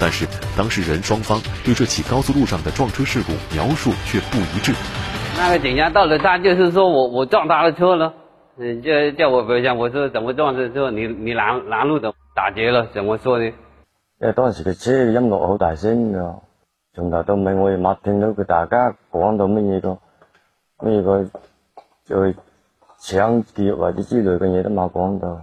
但是當事人雙方對這起高速路上的撞車事故描述卻不一致。那個警察到了，他就是說我我撞他的車了，嗯，就叫我回想我說怎麼撞的車之後，你你攔攔路嘅打劫了，怎麼說呢？因為當時的車音樂好大聲的，從頭到尾我亦冇聽到佢大家講到乜嘢個，乜嘢個，再搶劫或者之類嘅嘢都冇講到。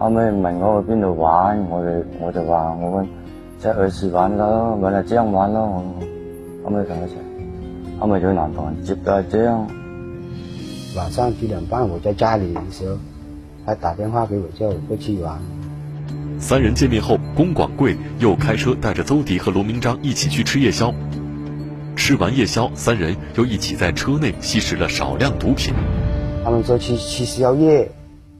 他們問我去邊度玩，我就我就話玩我這兒玩咯，就這樣玩咯，晚上，七點半我在家裏的時候，他打電話俾我叫我去玩。三人見面後，公廣貴又開車帶着周迪和羅明章一起去吃夜宵。吃完夜宵，三人又一起在車內吸食了少量毒品。他們說去吸食藥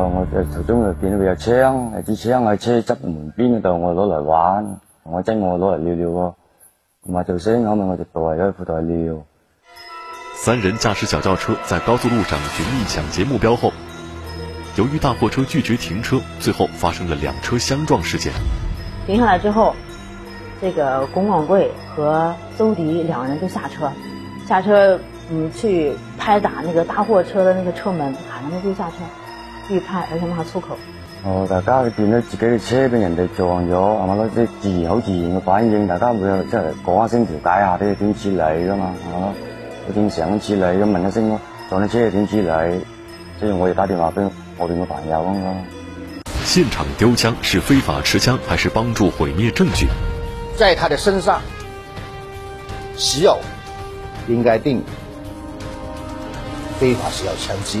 我就途中見到有槍，支槍喺車門邊度，我攞嚟玩，我真我攞嚟尿尿同埋做聲，可能我就褲尿。三人駕駛小轎車在高速路上尋覓搶劫目標後，由於大貨車拒絕停車，最後發生了兩車相撞事件。停下來之後，這個龔廣貴和周迪兩人就下車，下車嗯，去拍打那個大貨車的那個車門，喊他就下車。越怕，而諗下出口。哦，大家見到自己嘅車俾人哋撞咗，係咪咯？即係自然好自然嘅反應，大家會有即係講一聲調解下啲點處理噶嘛，係咪咯？點上咁問一聲咯，撞咗車點處理？所以、啊啊啊啊啊、我要打電話俾我哋嘅朋友咁咯、啊。現場丟槍是非法持槍，還是幫助毀滅證據？在他的身上持有，需要應該定非法持有槍支。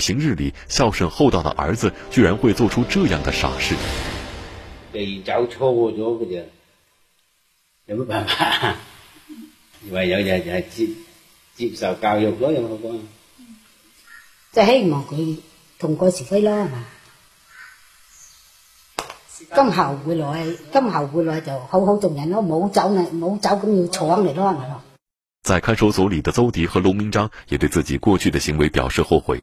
平日裏孝順厚道的兒子，居然會做出這樣的傻事。走錯咗，佢有乜辦法？唯有接接受教育有希望佢痛改前非係嘛？今後回來，今後回來就好好做人咯，冇走冇走咁要。在看守所裏的鄒迪和盧明章也對自己過去的行為表示後悔。